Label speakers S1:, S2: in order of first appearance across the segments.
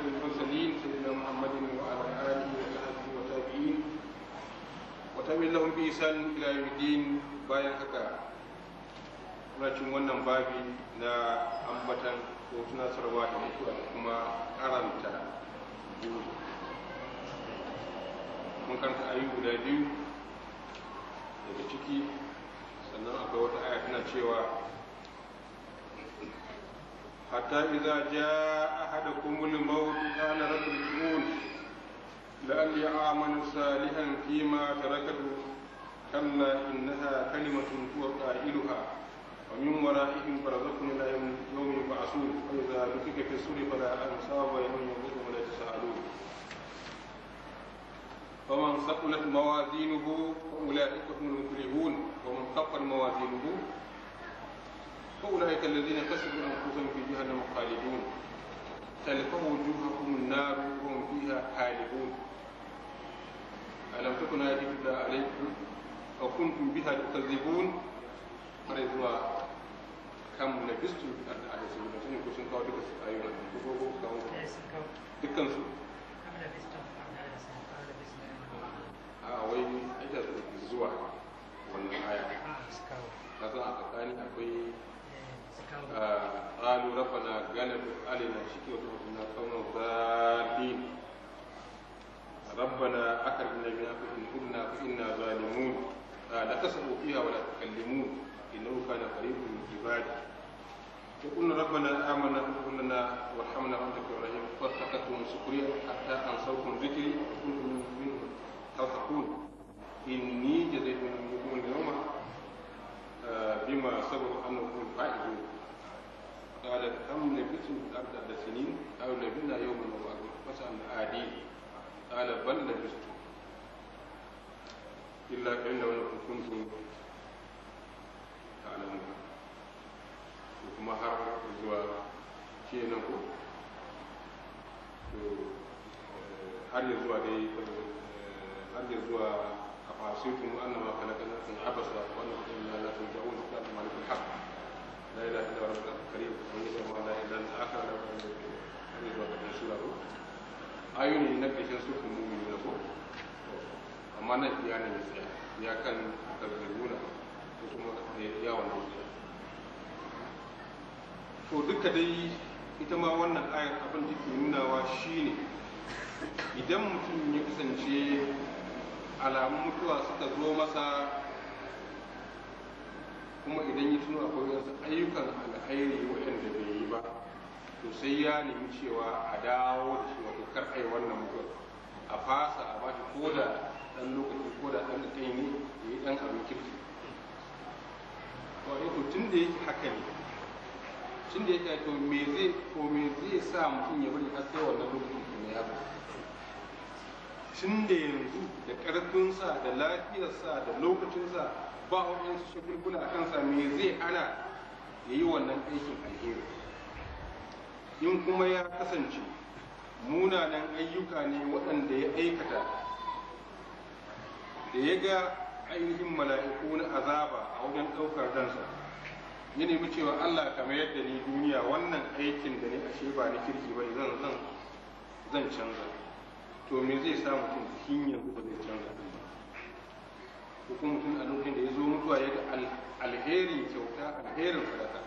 S1: أشرف المرسلين سيدنا محمد وعلى آله وصحبه وتابعين وتابعين لهم بإحسان إلى يوم الدين bayan haka muna cin wannan babi na ambatan ko sarwa da mutuwa da kuma karanta mun karanta ayi guda biyu daga ciki sannan akwai wata aya tana cewa حتى إذا جاء أحدكم الموت قال رب ارجعون لأني آمن صالحا فيما تركته كلا إنها كلمة هو قائلها ومن ورائهم برزقنا إلى يوم يبعثون وإذا نفخ في السور فلا أنصاب يوم يبعثون ولا يتساءلون فمن ثقلت موازينه فأولئك هم المفلحون ومن خفت موازينه فأولئك الذين كسبوا أنفسهم في جهنم خالدون تلقوا وجوههم النار وهم فيها خالدون ألم تكن آية تتلى عليكم أو كنتم بها تكذبون مريضوا كم لبستم في الأرض على سبيل المثال كنتم كاو دكا سكايون كم كاو دكا سو a wai ita zuwa wannan aya ka san a tsakani akwai قالوا ربنا غلبت علينا شكوى وكنا قوما ضالين ربنا أخرجنا من أنفسنا كنا فإنا ظالمون لا تسمعوا فيها ولا تكلمون إنه كان قريب من عباده وقلنا ربنا آمنا وقلنا وارحمنا وأنت الرحيم فارتقتم سكريا حتى أنصوكم ذكري وكنتم منه تضحكون إني جزيت منهم اليوم بما صبروا أنهم فائزون قالت كم لبثتم في الأرض عدد سنين أو لبثنا يوما أو أكثر فسأل عادين قال بل لبثتم إلا قلنا ولكم كنتم تعلمون وكما هرب زوا شيء نقول har ya zuwa dai har ya zuwa a fasitin annama kalakalatin abasa wannan kuma na latin ja'un ta malikul haqq la ilaha illa rabbul karim wani ma la ilaha illa aka da kan da kan zuwa ga sura ko ayoyi na kashin su kuma ne ko amma nan iya ne ya tsaya ya kan tarbiyyuna dai ita ma wannan ayar abin da ke nunawa shine idan mutum ya kasance alamun mutuwa suka zo masa kuma idan ya tuno akwai wasu ayyukan alkhairi waɗanda bai yi ba to sai ya nemi cewa a dawo da shi wato kar ai wannan mutum a fasa a bashi ko da ɗan lokaci ko da ɗan kai ne ya yi ɗan abin kirki wani hutun da yake haka ne tun da yake to me zai ko me zai sa mutum ya bari har sai wannan lokacin ya zo tun da yanzu da ƙarfinsa da lafiyarsa da lokacinsa ba waɗansu shagulgula a kansa me zai ana ya yi wannan aikin alheri in kuma ya kasance munanan ayyuka ne waɗanda ya aikata da ya ga ainihin mala'iku na azaba a wajen ɗaukar ransa ya nemi cewa Allah kamar yadda ni duniya wannan aikin da ne ashe ba ni kirki ba zan zan zan canza to me zai sa mutum sun yanzu ba zai canza ko kuma mutum a lokacin da ya zo mutuwa ya ga alheri kyauta alherin sadaka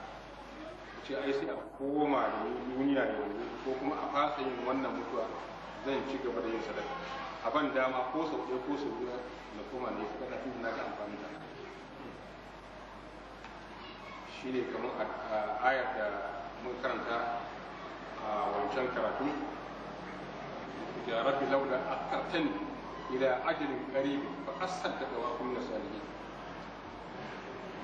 S1: ce ai sai a koma da duniya da yanzu ko kuma a fasa yin wannan mutuwa zan ci gaba da yin sadaka a ban dama ko sau ɗaya ko sau biyu na koma ne su kada na ga amfani da shi ne kamar ayar da mun karanta a wancan karatu يا رب لولا أخرتني إلى أجل قريب فأصدق وأكون من الصالحين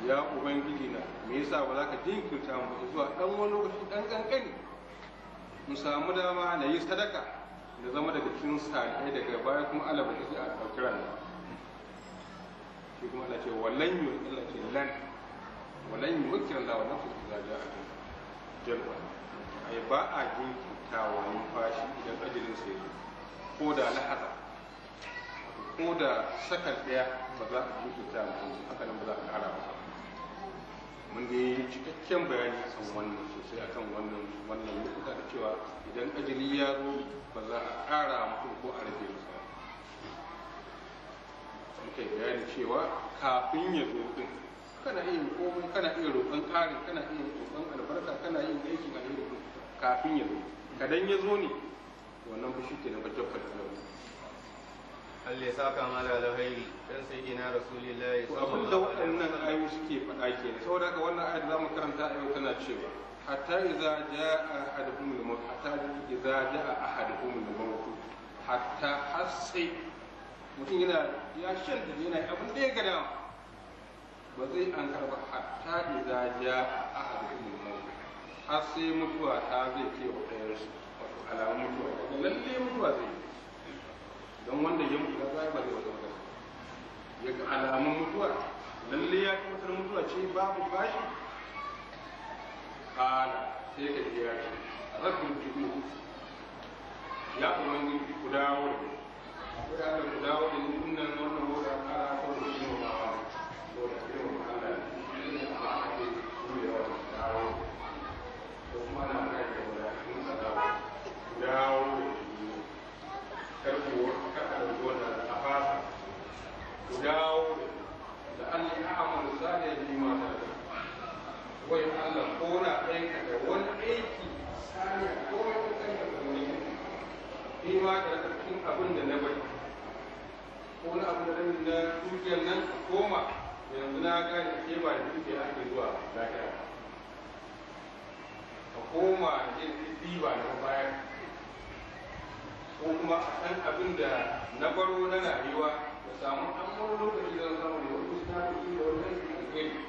S1: ya ubangiji na me yasa ba za ka jinkirta mu zuwa dan wani lokaci dan kankani mu samu dama na yi sadaka da zama daga cikin sa'ai daga baya kuma Allah ba shi a ɗauki ranar shi kuma Allah ce wallan yi Allah ce lan wallan yi wakil Allah wa nafsu ta zaja a kan jalwa ai ba a jinkirtawa numfashi idan ajalin sai ya ko da lahaza ko da sakan ɗaya ba za ka mutunta mutum haka nan ba za ka ƙara ba mun da yi cikakken bayani a wannan sosai akan wannan wannan lokuta da cewa idan ajali ya zo ba za a ƙara mutum ko a rage masa muka yi bayani cewa kafin ya zo din kana iya komai kana iya roƙon ƙarin kana iya roƙon albarka kana yin aikin alheri kafin ya zo kadan ya zo ne wannan fushi ke na bakin fatilawa Allah ya saka da alhairi dan sai ina rasulullahi sallallahu alaihi wasallam wannan ayoyi suke faɗa ke saboda haka wannan ayat zamu karanta yau, tana cewa hatta idza jaa ahaduhum al-maut hatta idza jaa ahaduhum al-maut hatta hasai mutum yana ya shanta yana abin da ya gada. ba zai an karba hatta idza jaa ahaduhum al-maut har sai mutuwa ta zai ke wa ɗayarsu alamun mutuwa daga lalle mutuwa zai yi don wanda ya mutu kaza ba zai wata wata ya ga alamun mutuwa lalle ya tabbatar mutuwa ce babu bashi kala sai ka ji ya ce rabbul juhu ya kuma yi ku dawo da ya ga ku dawo da nuna wannan hoda kara ko da shi ma ba ko da shi ma Allah ne amma ake yi yawa dawo ko kuma na kai wayan Allah ko na da wani aiki saniya ko wani kanta da wani ni ma da cikin abin da na bari ko na abin da na dukiyar nan koma yanzu na gane ke ba da dukiya ake zuwa lafiya ka koma yin ba na baya ko kuma a ɗan abin da na baro na rayuwa da samu an wani lokaci da samu da wani ta da wani aiki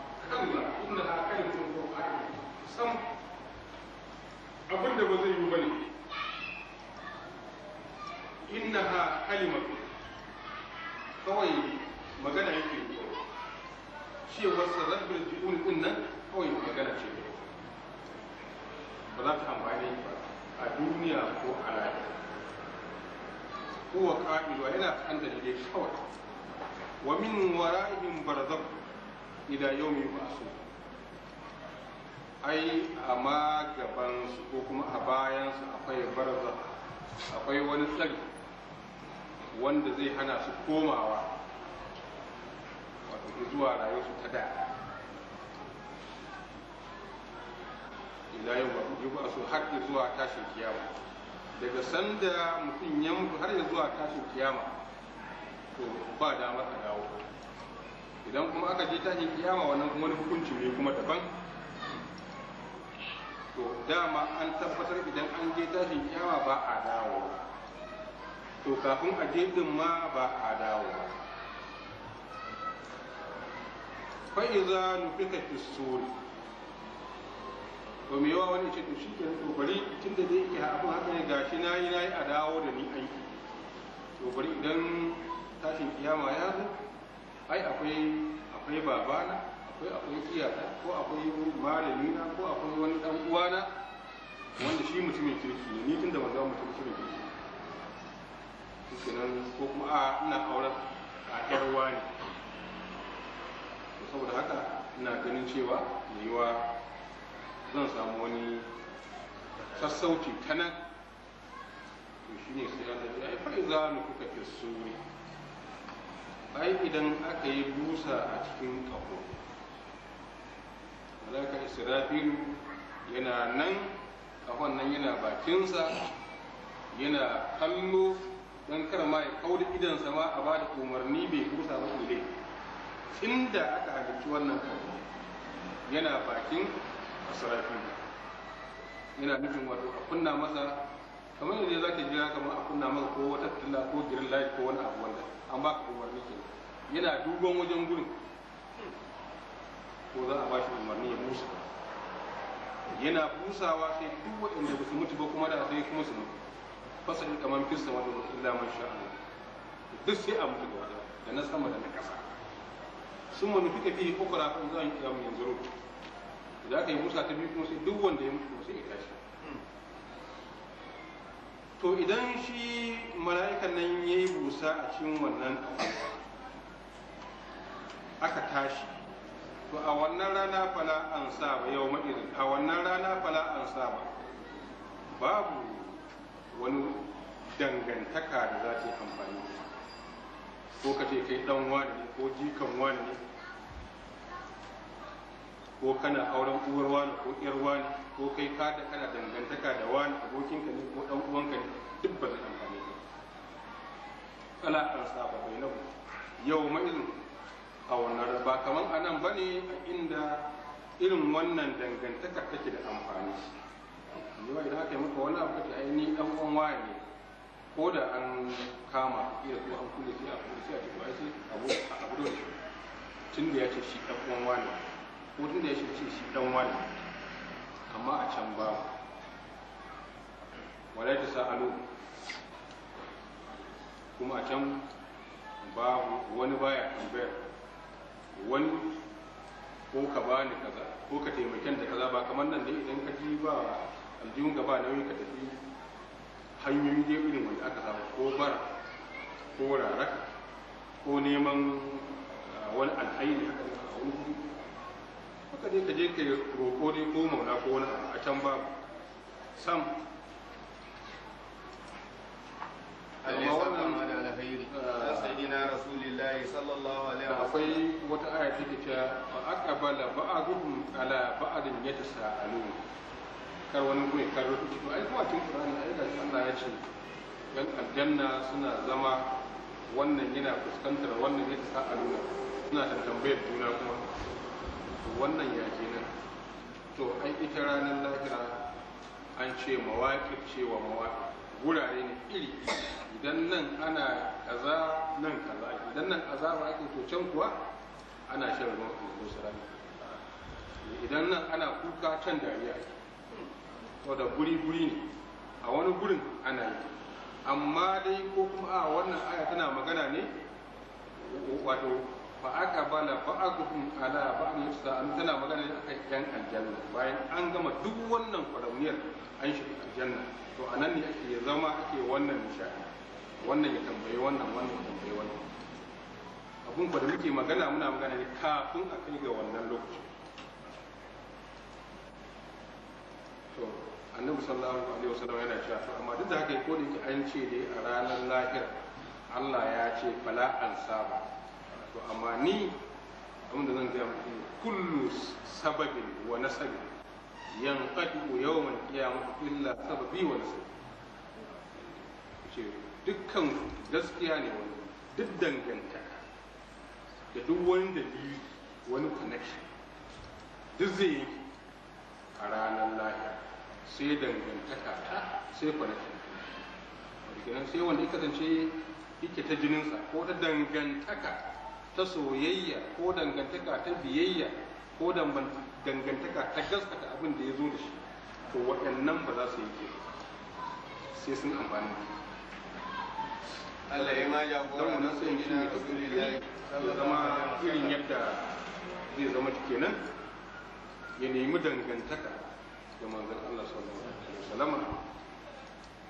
S1: kalla inda ha kalimatun qur'an sam abin da ba zai yi bane innaha kalimatu kawai magana yake ce wasu rabbin ji'un din nan kawai magana ce ba za ta amfani ba a duniya ko a lafiya kowa ka'iluwa yana kan dalilai kawai wa min wara'ihim barzakh ila ba su ai a ma gaban su ko kuma a bayan su akwai barza akwai wani tsari wanda zai hana su komawa wato zuwa rayuwar su ta da ila yau ba su har zuwa tashin kiyawa daga sanda mutum ya mutu har zuwa tashin kiyama to ba damar a dawo idan kuma aka je tashin kiyama wannan wani hukunci ne kuma daban to dama an tabbatar idan an je tashin kiyama ba a dawo to kafin a je din ma ba a dawo ba fa iza nufika tisuri to me yawa wani ce to shike ke to bari dai ke abin haka ne gashi nayi nayi a dawo da ni aiki to bari idan tashin kiyama ya zo ai akwai akwai babana akwai akwai iyata ko akwai malami na ko akwai wani dan uwana wanda shi mutumin kirki ne ni tunda ban mutumin kirki ne kenan ko kuma a ina auren a yar wani saboda haka ina ganin cewa yiwa zan samu wani sassauci ta nan to shine sai da ya fa'iza kuka fi suri ai idan aka yi busa a cikin ƙaho malaka israfilu yana nan ƙahon nan yana bakinsa yana kallo don kar ma ya kauda idansa ma a ba da umarni bai busa ba ile inda aka halittu wannan ƙaho yana bakin israfilu yana nufin wato a kunna masa kamar yadda za ka jira kamar a kunna masa ko wata tattala ko girin layi ko wani abu wanda an ba ka umarni ke yana dugon wajen gudun ko za a ba shi umarni ya busa yana busawa sai duk waɗanda ba su mutu ba kuma da sai kuma su mutu fasa ɗin kamar kirsa wata wasu illa man duk sai a mutu gaba da na sama da na ƙasa sun ma nufi tafi ukura kan za a yi kiyamun yanzu da aka yi busa ta biyu kuma sai duk wanda ya mutu kuma sai ya tashi to idan shi mala'ikan nan ya yi busa a cikin wannan aka tashi to a wannan rana fala an saba yau ma'irin a wannan rana fala an saba babu wani dangantaka da za ta yi amfani ko ka ce kai dan wani ko jikan wani ko kana auren uwar wani ko 'yar wani ko kai ka da kana dangantaka da wani abokinka ne ko uwan ka ne duk ba zai amfane ka kala an saba bai nahu yau ma irin a wannan ba kaman anan nan ba ne a inda irin wannan dangantaka take da amfani ne wai da haka muka wani abu kake ainihin dan uwan wani ne ko da an kama iya ko an kulle sai a kulle sai a ce to ai sai abu abu dole tun da ya ce shi dan uwan wani ko da ya ce shi dan wani amma a can babu wala ta sa'alu kuma a can ba wani baya tambayar wani ko ka ni kaza ko ka taimakin da kaza ba kamar nan dai idan ka ji ba aljihun gaba nauyi ka tafi hanyoyi dai irin wanda aka samu ko bara ko rara ko neman ah, wani alhaini haka a wani ka je ka je ka roƙo ne ko mauna ko wani a can babu sam uh, akwai wata aya ta ke cewa ba aka bala ba a gudun ala ba a ya ta nuna. kar wani kuma kar rufe ciki ai kuma tun qur'ani ai ga Allah ya ce yan aljanna suna zama wannan yana fuskantar wannan ya ta nuna. suna tambayar juna kuma wannan ya je nan to ai ita ranar lahira an ce mawaƙi cewa mawaƙi wurare ne iri idan nan ana kaza nan kaza idan nan ba ake to can kuwa ana shan ruwan alƙusura idan nan ana kuka can dariya to da guri-guri ne a wani gurin ana yi amma dai ko kuma a wannan aya tana magana ne wato fa aka bala ba'aduhum ala ba'd yusa'al tana magana ne aka yan aljanna bayan an gama duk wannan farauniyar an shiga aljanna to nan ne ake zama ake wannan nishaɗi wannan ya tambayi wannan wannan ya tambayi wannan abun da muke magana muna magana ne kafin a kai ga wannan lokacin to annabi sallallahu alaihi wasallam yana cewa to amma duk da haka ko da an ce dai a ranar lahir Allah ya ce fala an saba to amma ni abin da zan gaya mutum kullu sababin wa nasabi yanqadu yawman qiyamah illa sababi wa nasabi ce dukkan gaskiya ne wani duk dangantaka da duk wani dalili wani connection duk zai yi a ranar lahiya sai dangantaka ta sai connection wadda sai wanda ya kasance yake ta jininsa ko ta dangantaka ta soyayya ko dangantaka ta biyayya ko dangantaka ta gaskata abin da ya zo da shi to waɗannan ba za su yi ke sai sun amfani da Allah ya ma jagora ne ta gina da ya zama irin yadda zai zama kenan ya nemi dangantaka da manzon Allah sallallahu alaihi wasallam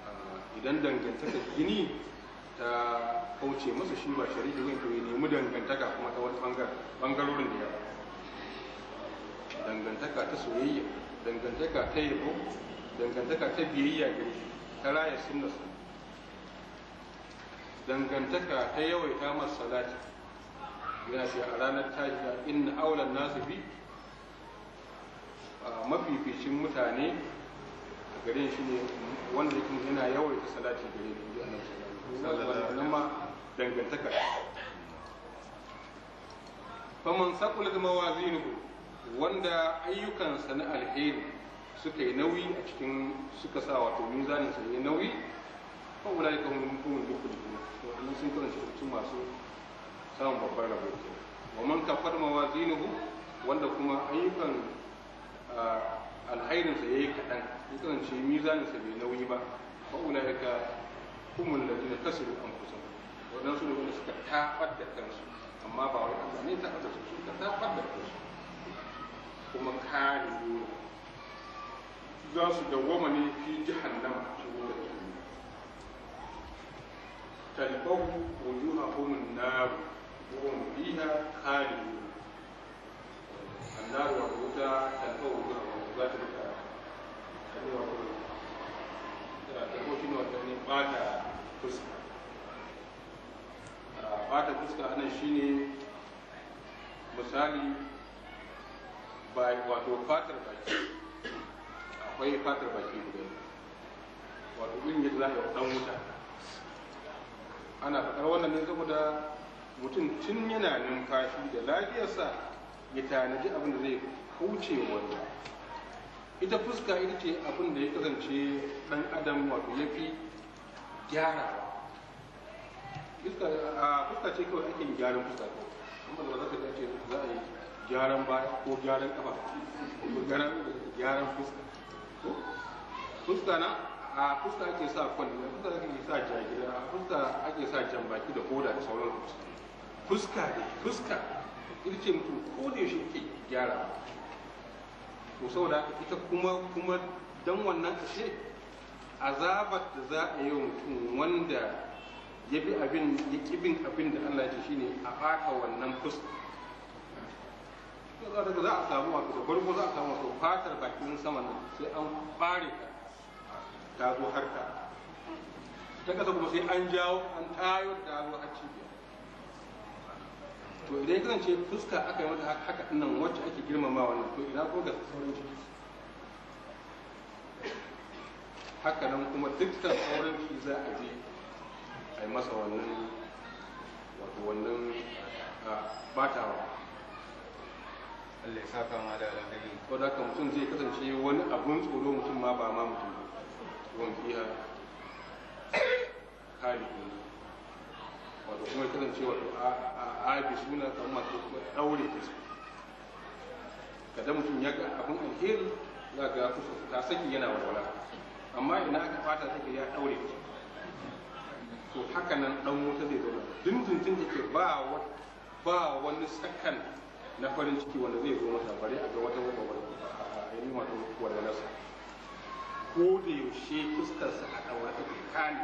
S1: ah, idan dangantaka gini ta kauce masa shi ba shari'a yin kawai nemi dangantaka kuma ta wani bangarorin da yawa dangantaka ta soyayya dangantaka ta yabo dangantaka ta biyayya ga shi ta raya su dangantaka ta yawaita masa salati yana ce a ranar tajiya inna aulan nasu bi mafificin mutane a garin shi ne wanda yana yawaita salati gare shi annabi nan ma dangantaka faman saƙulat mawazinuhu wanda ayyukansa na alheri suka yi nauyi a cikin suka sa wato mizanin sa yi nauyi ko wala ka mun mun duk duk wannan sun kasance mutum masu samun babbar rabo wa man kafar mawazinuhu wanda kuma ayyukan alhairin sa yayi kadan ya kasance mizanin sa bai nauyi ba ko wala ka da ladina kasiru anfusahum waɗansu ne wanda suka tabar da kansu amma ba wai Allah ne ta da su suka tabar da kansu kuma kare dole za su dawwama ne fi jahannama cikin da jahannama talbahu wujuhahum an-nar wa hum fiha khalidun an-nar wa wuta talbahu wujuhahum za ta yi rika ko shine wata ne fuska fuska anan shine misali wato fatar baki akwai fatar baki guda wato za a dan wuta ana faɗar wannan ne saboda mutum tun yana numfashi da lafiyarsa ya tanaji abin da zai kauce wanda ita fuska ita ce abin da ya kasance dan adam wato ya fi gyara fuska ce kawai ake gyaran fuska ko amma da za ka ce za a yi gyaran baya ko gyaran kafa ko gyaran fuska fuska na a fuska ake sa kwalliya fuska ake sa jagira fuska ake sa jan baki da koda da sauran fuska ne fuska ita ce mutum ko da yaushe ke gyara to saboda ita kuma kuma dan wannan ashe azabar da za a yi mutum wanda ya bi abin ya kibin abin da Allah ya shine a baka wannan fuska ko za a samu wato da farko za a samu wato fatar bakin sama nan sai an fare ta ta zo harka ta kasa kuma sai an jawo an tayo da zo a cikin to idan ya kasance fuska aka yi mata haka nan wacce ake girmama wannan to ina ko ga sauran ciki haka nan kuma dukkan sauran ciki za a je a yi masa wannan wato wannan batawa Allah ya saka ma da alheri ko da ka mutum zai kasance wani abun tsoro mutum ma ba ma mutum ba wani kare khalidun wato kuma kasancewa a abi suna kamar masu ɗaure ta su kada mutum ya ga abin alheri za ga kusa ta saki yana walwala amma ina aka fata take ya daure ta to haka nan ɗan wuta zai zauna dindindin da ke ba ba wani sakan na farin ciki wanda zai zo masa bare a ga wata wabar a yi wato walwalarsa ko da yaushe fuskarsa a daura ta kai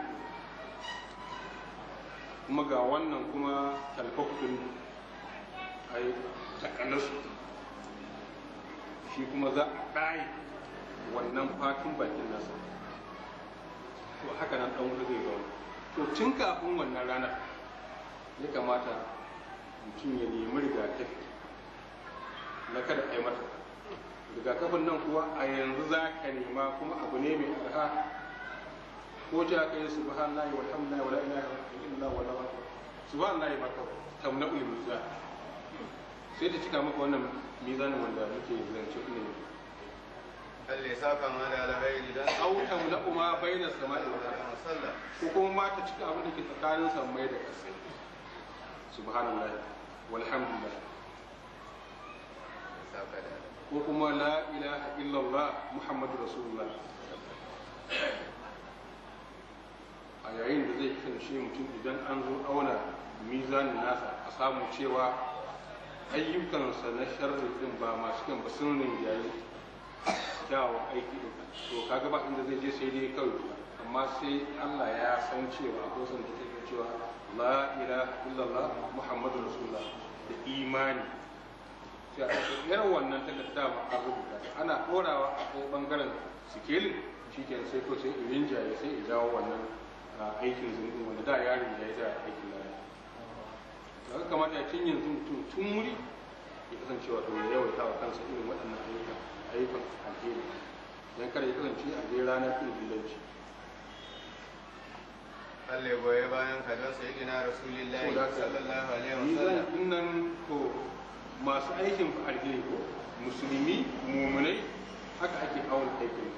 S1: kuma ga wannan kuma talfaktun a yi shi kuma za a ɗaye wannan fatun bakin nasa to haka nan ɗan wuri zai zaune to tun kafin wannan ranar ya kamata mutum ya nemi rigakafi na kada a yi mata rigakafin nan kuwa a yanzu za ka nema kuma abu ne mai arha ko ja yi ta wa subhanallahi wa la ilaha illallah wala subhanallahi ma kawai tamna'ul mizan sai ta cika maka wannan mizanin wanda muke zance ne. Allah ya saka ma da alkhairi dan au tamna'u ma bainas sama'i da sallah ko kuma ma ta cika abin da ke tsakanin samai da ƙasa subhanallahi walhamdulillah. ko kuma la ilaha illallah muhammadu rasulullah a yayin da zai kasance mutum idan an zo auna mizanin nasa a samu cewa ayyukansa na sharri din ba masu kyan ba sun rinjaye kyawun aiki da to kaga ba inda zai je sai dai kawai amma sai Allah ya san cewa ko san da take cewa la ilaha illallah muhammadur rasulullah da imani irin wannan ta ba a rubuta ana korawa a ko bangaren sikelin shi sai ko sai irin sai ya jawo wannan aikin zungun wanda da yarin ya aikin da aikin lada daga kamata tun yanzu mutum tun wuri ya kasance wato ya yawaita wa kansa irin waɗannan ayyukan ayyukan alheri don kada ya kasance a je ranar irin bilanci Allah ya goye bayan ka don sai gina rasulillahi sallallahu alaihi wasallam nan ko masu aikin alheri ko musulmi mumunai haka ake awon aikin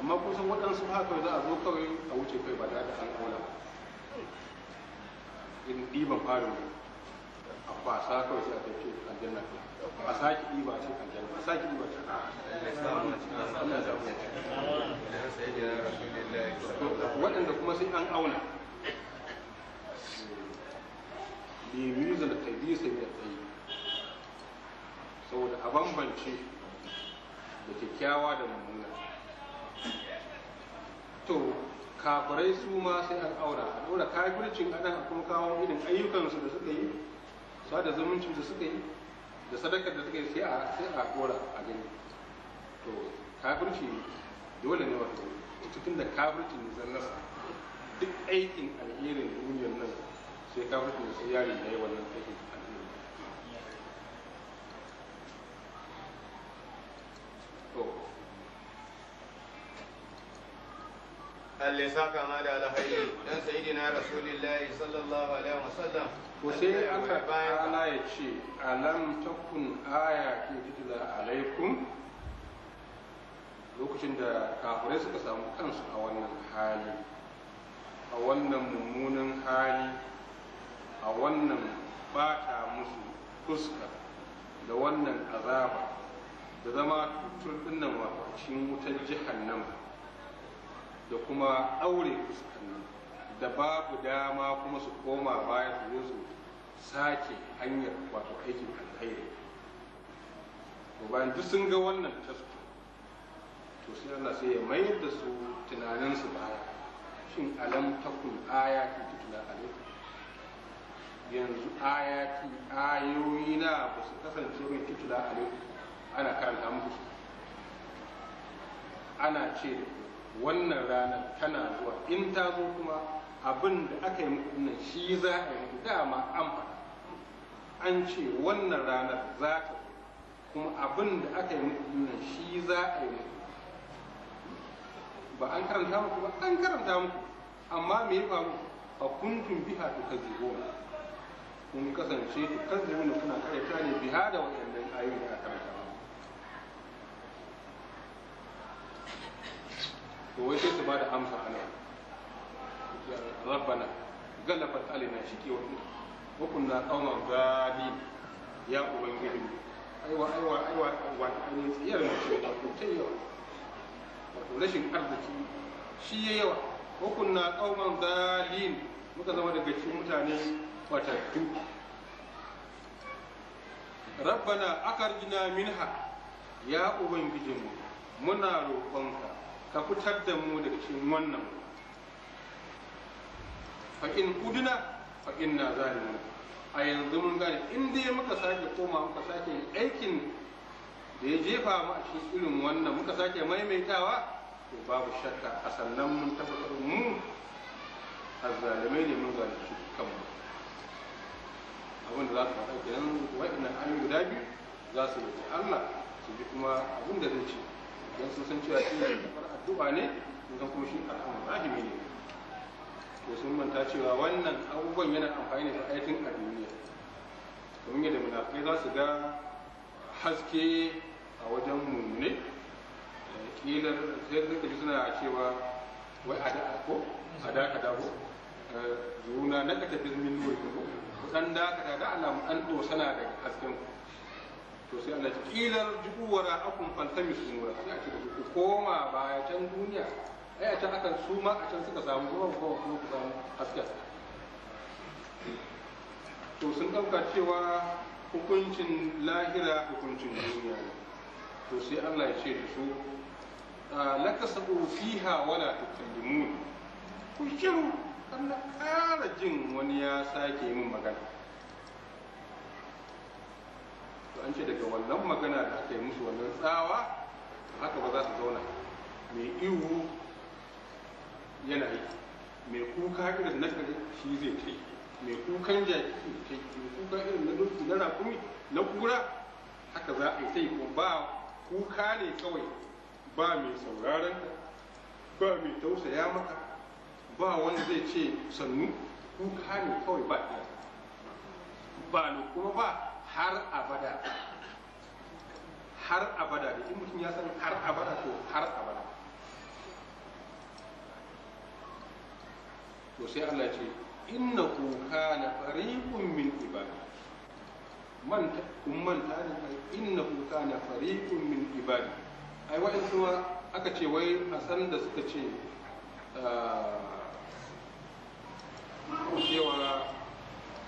S1: amma kusan waɗansu haka za a zo kawai a wuce kai ba da an kona in ɗiban farin a fasa kawai sai a tafi aljanna a sake ɗiba ce aljanna a sake ɗiba ce Allah waɗanda kuma sai an auna limizan da taidisa ya yi. saboda a bambance da kyakkyawa da mummuna to kafirai su ma sai an aura a ɗora kafircin adan kuma kawo irin ayyukansu da suka yi su da zumuncin da suka yi da sadaka da suka yi sai a ɗora a gani to kafirci dole ne wato cikin da kafircin ne zallasa duk aikin alherin duniyar nan sai kafircin sai yari da yi wannan aikin Allah ya saka ma da alhaji dan sayyidina rasulullahi sallallahu alaihi wasallam ko sai aka bayana ya ce alam takun aya ke tutula alaikum lokacin da kafirai suka samu kansu a wannan hali a wannan mummunan hali a wannan bata musu fuska da wannan azaba da zama tutur dinnan wato cikin wutar jihannama da kuma aure fuskanni da babu dama kuma su koma baya su zo su sake hanyar wato aikin alkhairi to bayan duk sun ga wannan tasko to sai Allah sai ya mayar da su tunanin su baya shin alam takun ayati tutla alaikum yanzu ayati ayoyi na ba su kasance mai tutula alaikum ana karanta musu ana ce wannan ranar tana zuwa in ta zo kuma abin da aka yi muku nan shi za a yi dama an faɗa an ce wannan ranar za ta kuma abin da aka yi muku nan shi za a yi muku ba an karanta muku ba an karanta muku amma me ya faru a kuntun biha to ka kun kasance to kazzibuna kuna karanta ne biha da waɗannan ayoyi da aka karanta to wai sai su ba da amsa ana rabbana galabat alina shike wa wa kunna qauman ghalin ya ubangiji aiwa aiwa aiwa wa an tsiyar mu ce da ku ta yawa wato rashin arziki shi ya yawa wa kunna qauman ghalin muka zama daga cikin mutane fatattu rabbana akarjina minha ya ubangijinmu muna roƙonka ka fitar da mu daga cikin wannan fa in kuduna fa inna zalimun a yanzu mun gane in dai muka sake koma muka sake aikin da ya jefa mu a cikin irin wannan muka sake maimaitawa to babu shakka a sannan mun tabbatar mu azzalimai ne mun shi kanmu abin da za su faɗa kenan an yi guda biyu za su yi Allah su bi kuma abin da zai ce don sun san cewa shi ne addu'a ne ga kuma shi al'amur rahimi ne to sun manta cewa wannan abubuwan yana amfani da aikin a duniya domin yadda munafikai za su ga haske a wajen mummune eh, kilar sai suka ji suna cewa wai a da'a ko a da'a ka ko eh, juna na ka tafi min nuri ko dan da ka da alamu an sana daga hasken ku to sai Allah kilar jubuwara akun fantami su nura sai a ce ku koma baya can duniya ai a can akan su ma a can suka samu ruwan ko kuma ku samu hasken to sun dauka cewa hukuncin lahira hukuncin duniya ne to sai Allah ya ce da su lakasabu fiha wala tukallimu ku shiru Allah ƙara jin wani ya sake yin magana an ce daga wannan magana da aka yi musu wannan tsawa haka ba za su zauna mai ihu yana yi mai kuka irin na kare shi zai kai mai kukan jaki kai mai kuka irin na dutse na rakumi na kura haka za a yi sai kuma ba kuka ne kawai ba mai sauraron ba mai tausaya maka ba wanda zai ce sannu kuka ne kawai ba ɗaya ba kuma ba har abada har abada da in mutum ya san har abada to har abada to sai Allah ce ku kana fariqun min ibadi man umman ne ai ku kana fariqun min ibadi ai wa kuma aka ce wai a san da suka ce ah, cewa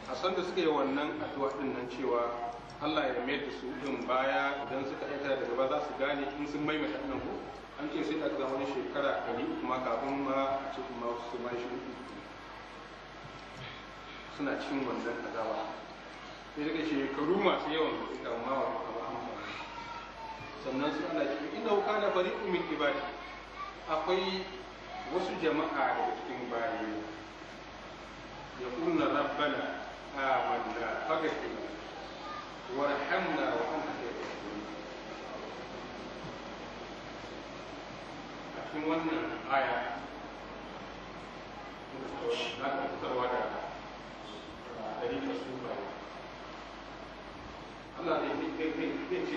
S1: a san da suka yi wannan addu'a din nan cewa Allah ya mayar da su din baya idan suka aika daga ba za su gane in sun maimaita nan ko an ce sai aka wani shekara ɗari kuma kafin ma a ce kuma su mai shi suna cin wannan azaba sai daga shekaru masu yawan da ita ma wa ba amma sannan su Allah ce inda wuka na fari umin ibadi akwai wasu jama'a daga cikin bayani ya kunna rabbana آمنا فاغفر وارحمنا وأنت خير الراحمين cikin wannan aya ta da ɗari da ce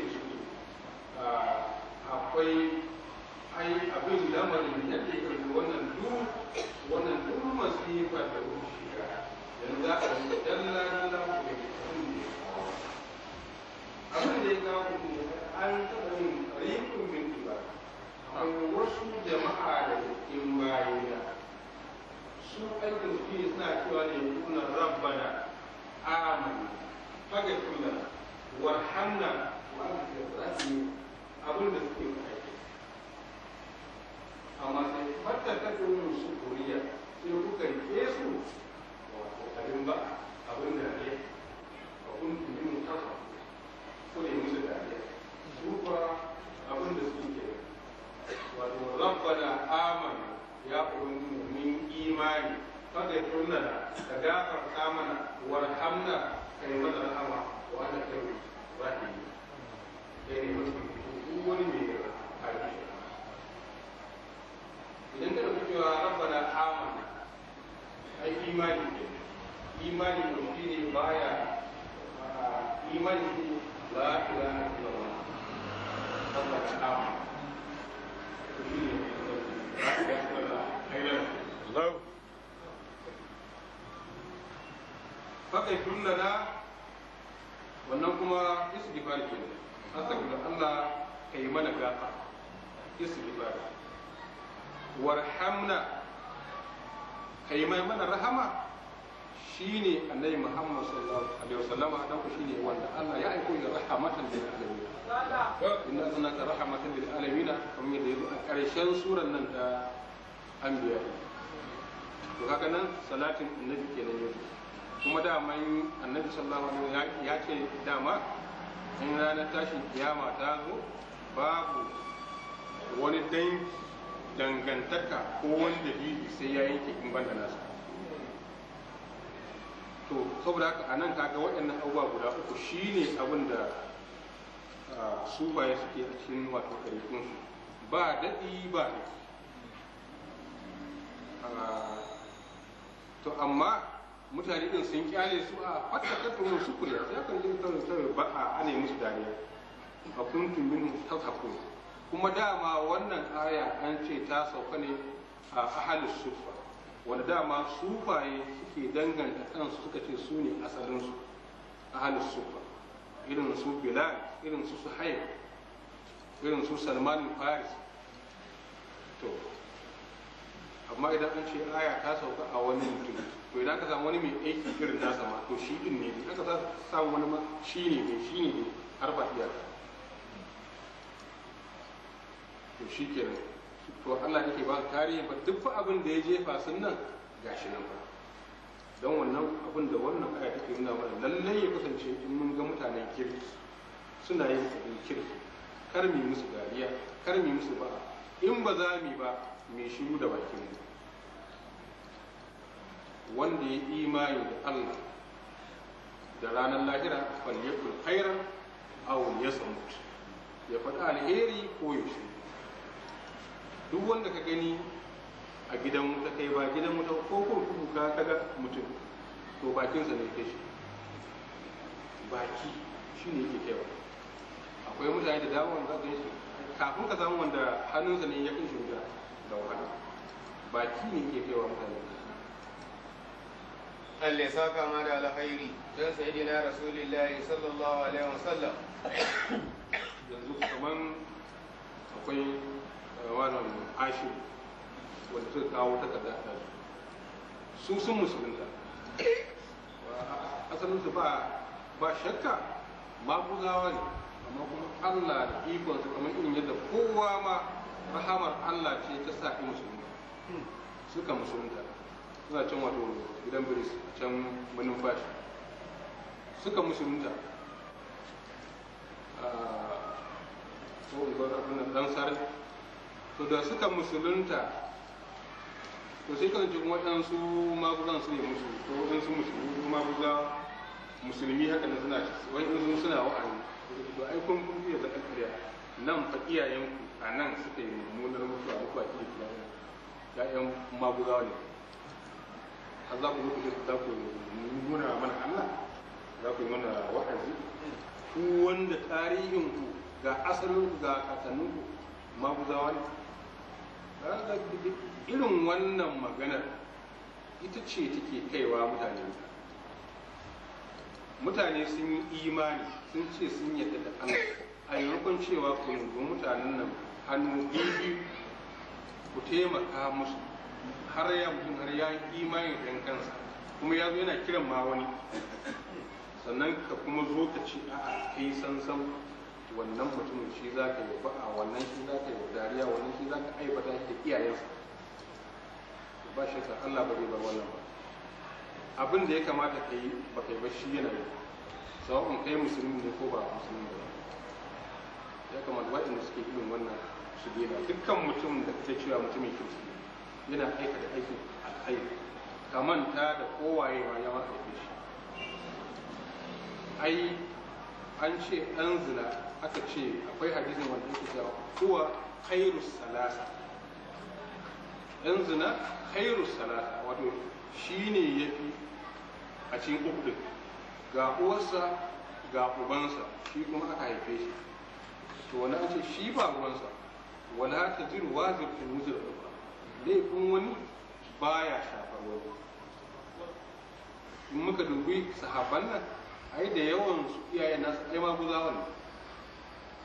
S1: akwai ai abin lamarin da ke wannan duk wannan duk da yanzu za ka rinka dalla dalla ku da abin da ya kawo ku an taɓa yin ƙarifin minti ba an wasu jama'a da cikin bayina su aikin su ne suna cewa ne kuna rabbana amanu faga kuna warhamna wa anta rahim abin da suke aiki amma sai fatta ta su koriya sai kuka rike su abin ba abin dariya a kuntun yin kafa ko ne musu dariya su ba abin da su ke wato rabbana amana ya ubangiji min imani kada kunna ka gafarta mana ka yi mana rahama wa ana kai yi. kai ne mutum duk wani mai arziki idan ka rubuta rabbana amana ai imani ke imani mu shine baya imani shine la ilaha illallah Allah ka dama shine la ilaha illallah khairan law faqifun wannan kuma isu istighfar ke a da Allah ka yi mana gafa fara. warhamna ka mai mana rahama shine annabi Muhammad sallallahu alaihi wasallam dan ku shine wanda Allah ya aiko da rahmatan lil alamin inna anzalna rahmatan lil alamin kamar yadda yazo a karshen surar nan ta anbiya to kaga nan salatin annabi kenan yazo kuma dama annabi sallallahu alaihi wasallam ya ce dama in ranar tashin kiyama ta zo babu wani dangantaka ko wani dalili sai ya yanke in banda nasa to saboda haka a nan kaga waɗannan abubuwa guda uku shine abin da su baya suke a cikin wato ɗarikunsu ba daɗi ba ne to amma mutane ɗin sun kyale su a ta tumun su kuri sai kan jin tsarin tsarin ba a ane musu dariya a kuntun min tatakun kuma dama wannan aya an ce ta sauka ne a ahalin sufa wanda dama sufaye suke danganta kansu suka ce su ne asalinsu a halin sufa irin su bilal irin su suhaib irin su salman faris to amma idan an ce aya ta sauka a wani mutum to idan ka samu wani mai aiki irin nasa ma to shi din ne idan ka samu wani ma shi ne ne shi ne har ba iyaka to shi kenan to Allah yake ba tarihi ba duk fa abin da ya jefa sun nan gashi nan ba don wannan abin da wannan aya take nuna mana lallai ya kasance in mun ga mutanen kirki suna yin abin kirki kar mu musu dariya kar mu musu ba in ba za mu ba mai shiru da bakin mu wanda ya imani da Allah da ranar lahira falyakul khairan aw yasmut ya faɗa alheri ko yushi duk wanda ka gani a gidan wuta kai ba gidan wuta ko kurkuku ka kaga mutum to bakinsa ne ke shi baki shi ne yake kewa. akwai mutane da dama wanda zai shi kafin ka samu wanda hannunsa ne ya kunshi wuta da wahala baki ne ke kewa mutane Allah ya saka ma da alkhairi dan sayyidina rasulullahi sallallahu alaihi wasallam yanzu kaman akwai wannan ashir wanda suka kawo takarda a tasu su sun musulunta eh, asalinsu ba ba shakka zawa ne amma kuma allah da ikonsa kamar irin yadda kowa ma rahamar allah ce ta sa ki musulunta suka musulunta suna can wato gidan biris a can su suka musulunta so in zo da dan sarari to da suka musulunta to sai kan cikin waɗansu magugan su ne musu to waɗansu musulmi maguza musulmi haka da suna waɗansu suna wa'ani to ai kun kun fiye zaɓen ƙarya nan fa iyayenku a nan suka yi mummunar mutuwa duk ba iya iyayen ya'yan maguza ne a za ku lokacin za ku nuna mana Allah za ku yi mana wa'azi ku wanda tarihinku ga asalin ga kakanninku maguzawa ne irin wannan maganar ita ce take kaiwa mutane mutane sun yi imani sun ce sun yadda da Allah a yankun cewa ku mutanen nan hannu biyu ku taimaka musu har ya mutum har ya imani ɗan kansa kuma ya zo yana kiran ma wani sannan ka kuma zo ka ce a kai sansan wannan mutumin shi za ka yi ba'a wannan shi za ka yi dariya wannan shi za ka aibata shi da iyayensa ba shi sa Allah ba zai bar wannan ba abin da ya kamata ka yi ba kai ba shi yana yi sawa'un kai musulmi ne ko ba musulmi ba ya kamata waɗanda suke irin wannan su daina dukkan mutum da ta cewa mutumin kirki yana aikata aikin alkhairi ka manta da kowaye ma ya maka shi ai an ce an zina aka ce akwai hadisin wanda yake cewa huwa khairus salasa yanzu na khairus salasa wato shine yafi a cikin uku din ga uwarsa ga ubansa shi kuma aka haife shi to wani an ce shi ba ruwansa wala ta jiru wazir fi muzir ba laifin wani baya shafar wani in muka dubi sahabban nan ai da yawan su iyayen nasu ai ma guzawa ne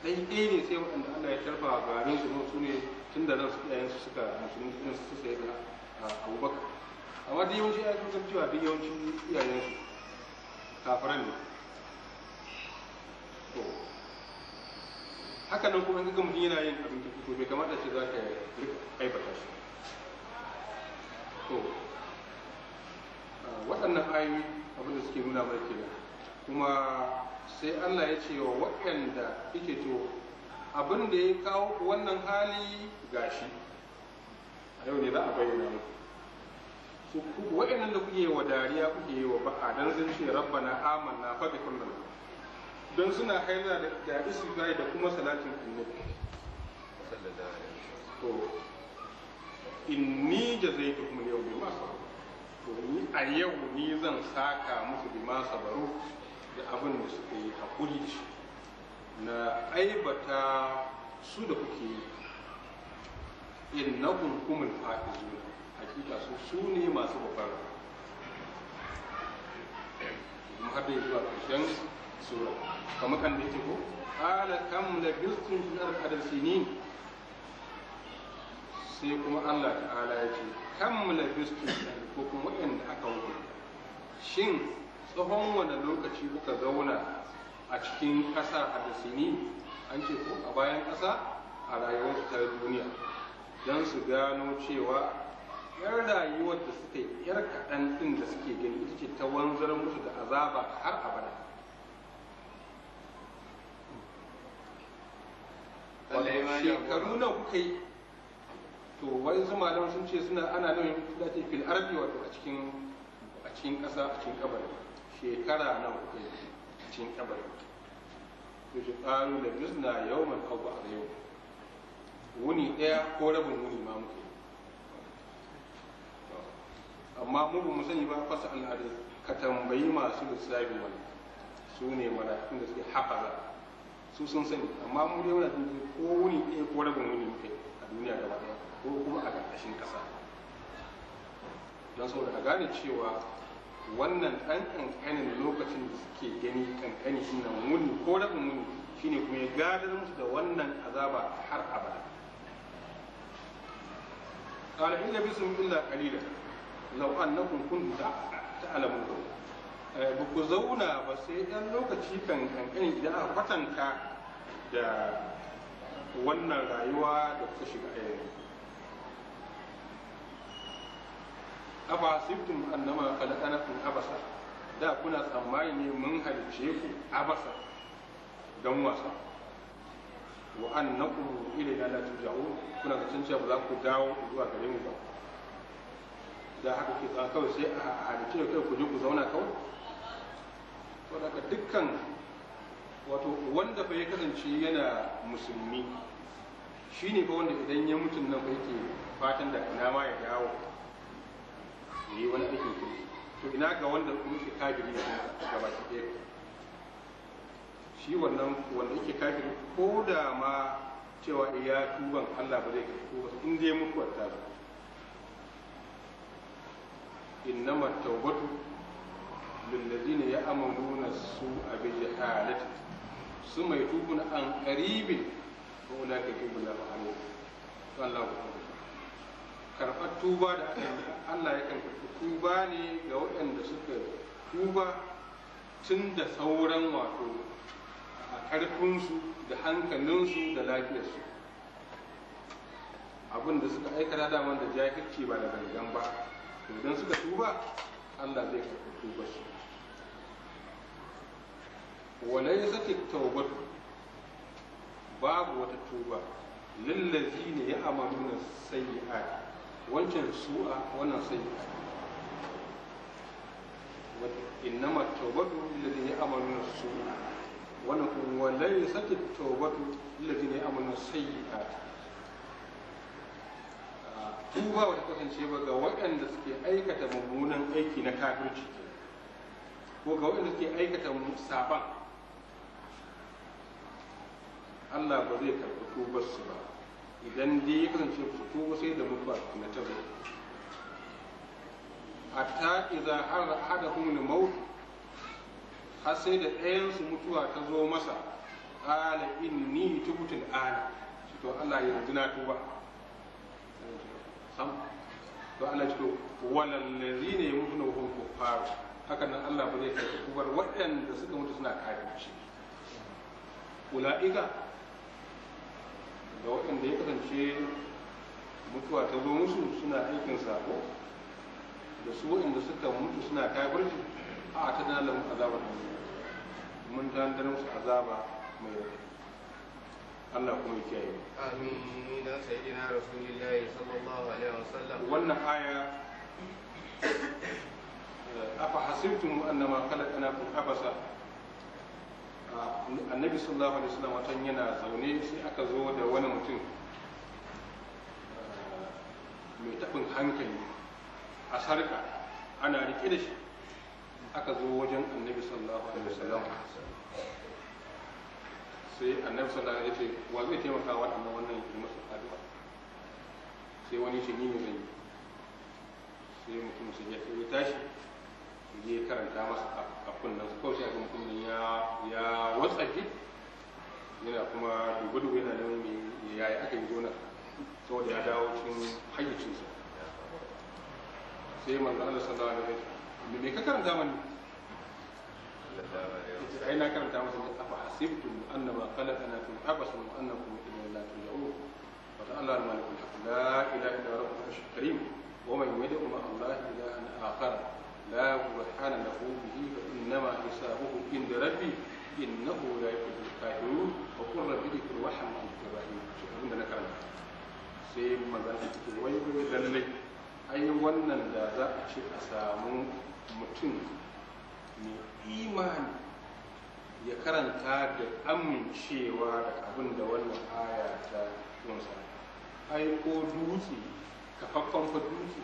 S1: ɗai ɗaya ne sai waɗanda Allah ya tarfa a garin su su ne tun da nan su iyayen su suka musulmi ɗin su sai da abubakar amma duk yawanci ya kusan cewa duk yawancin iyayen su kafiran ne to haka nan kuma ga mutum yana yin abin da to bai kamata ce za ka rika aibata shi to waɗannan ayoyi abin da suke nuna mana kenan kuma sai Allah ya ce wa waɗanda yake to abin da ya kawo wannan hali gashi a yau ne za a bayyana mu. su waɗannan da kuke wa dariya kuke yi wa ba'a dan zan ce rabbana amanna fa bi kullum don suna haina da istighfari da kuma salatin annabi to inni jazaitukum al-yawma ma sabaru to ni a yau ni zan saka musu bi ma sabaru da abin da suka yi haƙuri da shi na aibata su da kuke yi innahum humul fa'izun hakika su su ne masu babbar kuma har da zuwa ƙarshen sura kamar kan da yake ko qala kam bistin fil ardi sinin sai kuma Allah ta'ala ya ce kam labistum ko kuma waɗanda aka wuce shin tsohon wani lokaci kuka zauna a cikin ƙasa a dasini an ce ko a bayan ƙasa a rayuwar ta duniya don su gano cewa yar rayuwar da suka yi yar kaɗan ɗin da suke gani ita ce ta wanzar musu da azaba har abada shekaru na kuka yi to wani zuma don sun ce suna ana nufin da ke fil arfi wato a cikin ƙasa a cikin kabarin shekara na kai cikin kabarin to shi ƙaru da bizna yau mai kawo a yau wuni ɗaya ko rabin wuni ma muke amma mu ba mu sani ba fasa al'adar ka tambayi masu lissafi wani su ne mara da suke hafaza su sun sani amma mu dai wani tunji ko wuni ɗaya ko rabin wuni muke a duniya gaba ɗaya ko kuma a ƙarƙashin ƙasa don saboda a gane cewa wannan ɗan ƙanƙanin lokacin da suke gani ƙanƙani shi na muni ko daɗin muni shine kuma ya gadar musu da wannan azaba har abada qala bisu labisum illa qalila da ta alamun da ba ku zauna ba sai ɗan lokaci kan ƙanƙani idan aka kwatanta da wannan rayuwa da kuka shiga a eh, afa siftum annama khalaqanakum abasa da kuna tsammani ne mun halice ku abasa don wasa wa annakum ilayna la turja'un kuna zaton cewa ba za ku dawo zuwa gare mu ba da haka ke tsaka kawai sai a halice kai ku je ku zauna kawai to daga dukkan wato wanda fa ya kasance yana musulmi shine fa wanda idan ya mutun nan fa yake fatan da kana ma ya dawo ya yi wani aikin kirki to ina ga wanda kuma ke kafiri ne ga baki ɗaya shi wannan wanda yake kafiri ko da ma cewa iya eh tuban Allah ba zai karɓo ba in dai mutuwar ta zo innama tawbatu lillazina ya'maluna su'a bi su mai yatubuna an qaribin wa ulaka yatubu Allahu alayhi wallahu karɓar tuba da Allah ya kan karɓi tuba ne ga waɗanda suka tuba tun da sauran wato a ƙarfinsu da hankalinsu da lafiyarsu abin da suka aikata daman da jahilci ba da gangan ba idan suka tuba Allah zai karɓi su. walai sake taubat babu wata tuba lillazi ne ya amaluna sayi'ati wancan su'a wannan sai innama tawbatu alladhina amanu su'a wannan kuma wallahi sati tawbatu alladhina amanu sayyi'at tuba wata kasance ba ga waɗanda suke aikata mummunan aiki na kafirci ko ga waɗanda suke aikata saban Allah ba zai karɓi su ba idan dai ya kasance ko sai da mubba na ta zo hatta idza hada kumul maut har sai da ɗayan su mutuwa ta zo masa qala inni tubtu ala shi to Allah ya na tuba sam to Allah ci to walal mutu yamutuna hum kuffar haka nan Allah ba zai kai kubar waɗanda suka mutu suna kafirci ula'ika da waɗanda ya kasance mutuwa ta zo musu suna aikin sako da su waɗanda suka mutu suna kafirci a ta dana mu azabar da mun ta dandana musu azaba mai Allah kuma ya kiyaye amin dan sayyidina rasulullahi sallallahu alaihi wasallam wannan aya afa hasibtum annama khalaqnakum abasa annabi sallallahu alaihi wasallam watan yana zaune sai aka zo da wani mutum eh, mai taɓin hankali a sarka ana riƙe da shi aka zo wajen annabi sallallahu alaihi wasallam sai annabi sallallahu alaihi wasallam ya ce wa zai taimaka wa annan wannan ya masa addu'a sai wani shi ni ne zai sai mutum sai ya tashi ya karanta masa a kunnan su kawai shafin kunnan ya watsaje yana kuma dubu-dubu yana nan mai yi aka yi gona saboda ya dawo cikin hayyacinsa sai manzo Allah sallallahu alaihi wasallam me ka karanta mani ai na karanta masa ne afa hasibtum annama khalaqnakum abasan wa annakum ilayhi la turja'un wa ta'ala al-malikul la ilaha illa huwa al wa man yad'u ma Allah ilahan akhar لا برهان له به فإنما حسابه عند ربي إنه لا يفلح الكافرون وقل رب اذكر وارحم وأنت رحيم shekarun da na karanta sai magana ta cikin wai wai lallai ai wannan da za a ce a samu mutum mai imani ya karanta da amincewa da abin da wannan aya ta kunsa ai ko dutse kafaffen fa dutse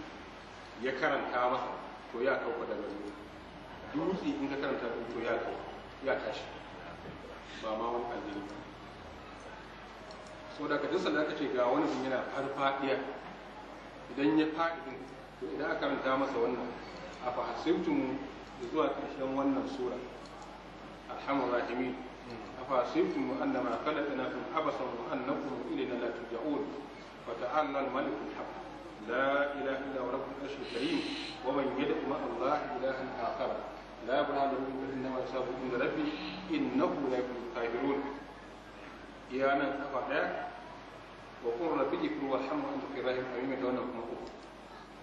S1: ya karanta masa to ya kau kwadar wani dutse in ka karanta ɗin to ya kau ya tashi ba ma wani addini ba so daga ka jinsa da aka ce ga wani sun yana farfaɗiya idan ya faɗi to idan aka karanta masa wannan a fahasimtu mu zuwa ƙarshen wannan sura alhamdu rahimi a fahasimtu mu an da ma kalaɗa na tun abasan mu an na kuma ilina la tujja'ul nan malikul haɓa لا إله إلا هو رب العرش الكريم ومن يدع مع الله إلها آخر لا برهان له به إنما يصاب عند ربي إنه لا يفلح الكافرون يا أنا أفعل وقل ربي اغفر وارحم وأنت في رحم أميمة وأنا كما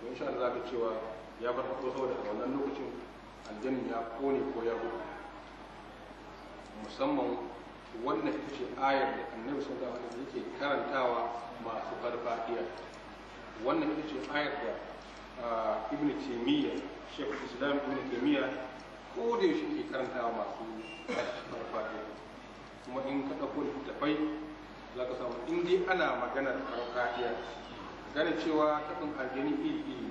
S1: in sha Allah cewa ya bar fito saboda wannan lokacin aljanin ya kone ko musamman wannan ita ce ayar da annabi sallallahu alaihi wasallam yake karantawa masu farfadiya wannan ita ce ayar da ah, ibn taimiyya shekul islam ibn taimiyya ko da yaushe ke karanta masu farfadiya kuma in ka ɗauko littattafai za ka samu in dai ana maganar farfadiya gane cewa taɓin aljini iri iri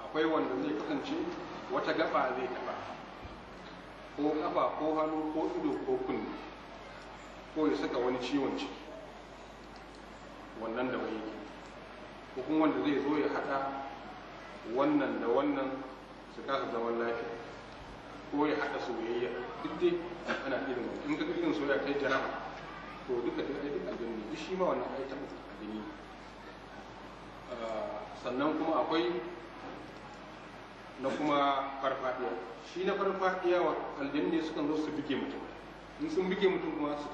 S1: akwai wanda zai kasance wata gaba zai taɓa ko kafa ko hannu ko ido ko kunne ko ya saka wani ciwon ciki wannan da wani ko kuma wanda zai zo ya haɗa wannan da wannan su kasa zaman lafiya ko ya haɗa soyayya duk dai ana irin wani in ka irin soyayya kai jara'a to duka duk ai aljanna abin ne duk shi ma wannan ai tabbas abin ne ah, sannan kuma akwai na kuma farfadiya shi na farfadiya wa aljanu sukan zo su buge mutum in sun buge mutum kuma su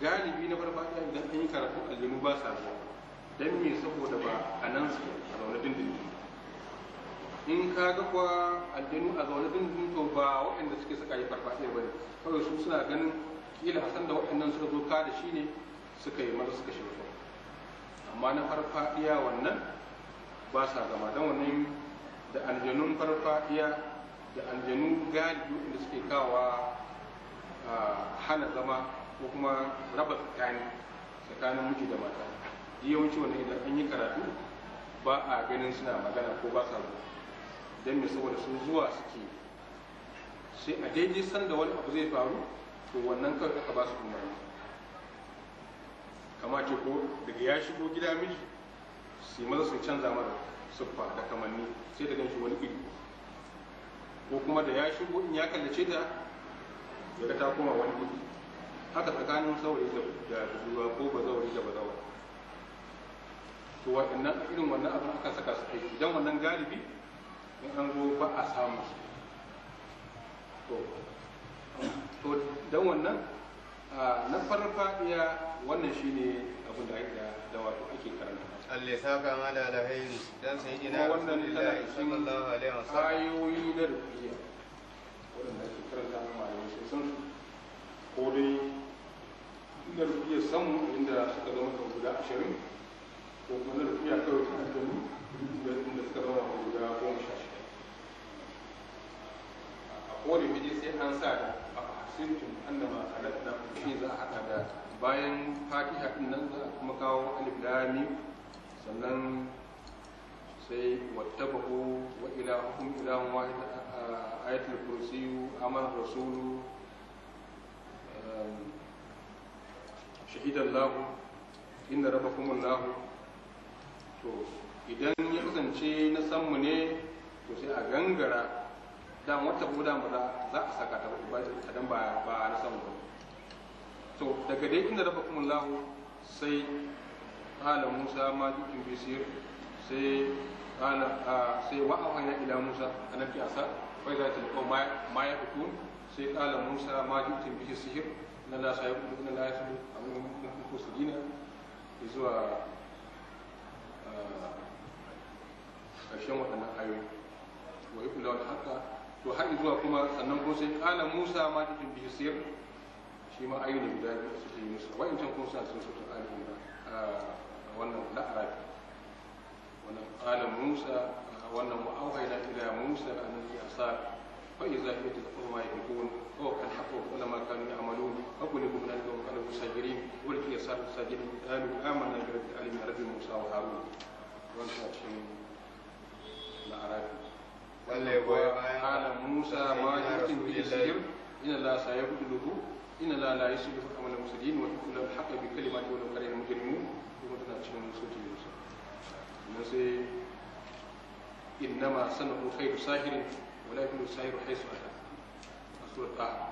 S1: galibi na farfadiya idan an yi karatu aljanu ba sa zuwa don me saboda ba a nan su a zaune dindindin in ka ga kuwa aljanu a zaune dindindin to ba waɗanda suke saka yi farfaɗe ba ne kawai su suna ganin kila hasan da waɗannan suka zo ka shi ne suka yi maza suka shirya amma na farfaɗiya wannan ba sa gama don wannan da aljanun farfaɗiya da aljanu galibi waɗanda suke kawa ah, hana zama ko kuma raba tsakani tsakanin miji da mata yawanci wannan idan an yi karatu ba a ganin suna magana ko ba sa don me saboda sun zuwa suke sai a daidai sanda wani abu zai faru to wannan kawai aka ba su umarni kama ce ko daga ya shigo gida miji sai maza su canza mara siffa da kamanni sai da ganshi wani iri ko kuma da ya shigo in ya kallace ta daga ta koma wani iri haka tsakanin saurayi da ko ba zaure da ba zaure to waɗannan irin wannan abin akan saka su aiki don wannan galibi in an zo ba a samu to don wannan na farfaɗiya wannan shi ne abin da ake da wato ake karanta Allah ya saka da alhairi dan wannan Rasulullahi sallallahu alaihi wasallam ayoyi da rubiya wanda ake karanta ma malamin sai san ko dai da rubiya samun inda suka zama guda 20 ko kuma na rufiya kawai ta aljanu da suka zama ko guda goma sha shida a kowane biji sai an sa da a hasintun annama a da shi za a haɗa da bayan fatiha ɗin nan za kuma kawo alif lami sannan sai wattabahu wa ilahukum ilahun to idan ya kasance na sanmu ne to sai a gangara dan wata buda mu za a saka ta ba ta dan ba ba na sanmu ba to daga dai inda rafa kuma lahu sai qala musa ma jikin bisir sai qala sai wa awhayna ila musa annabi asa fa ta ko ma ya yakun sai qala musa ma jikin bisir na la na la yasbu amma mun kusurina zuwa ƙarshen waɗannan ayoyi wa yi kula haka to har zuwa kuma sannan ko sai kala musa ma ta tun biyu siyar shi ma ayoyi ne guda biyu suke yi musa wa'incan kun sa sun sutu ali A wannan la'arafi wannan kala musa wannan mu'awai na ila musa a nan ya sa فإذا حيت فهم يبكون ووقع الحق لما كانوا يعملون فقلبوا من أنهم كانوا مسجرين ولكي يسار مساجدهم قالوا آمنا برب العالمين رب موسى وهارون وانتهى الأعراف قال موسى ما جئتم به السجن إن الله سيبدله إن الله لا يصلح عمل المفسدين ويحكم الحق بكلمات ولو كره المجرمون ومتنا تشمل سورة يوسف إنما سنه خير ساحر wala yakunu sa'iru haisu ata a surat taha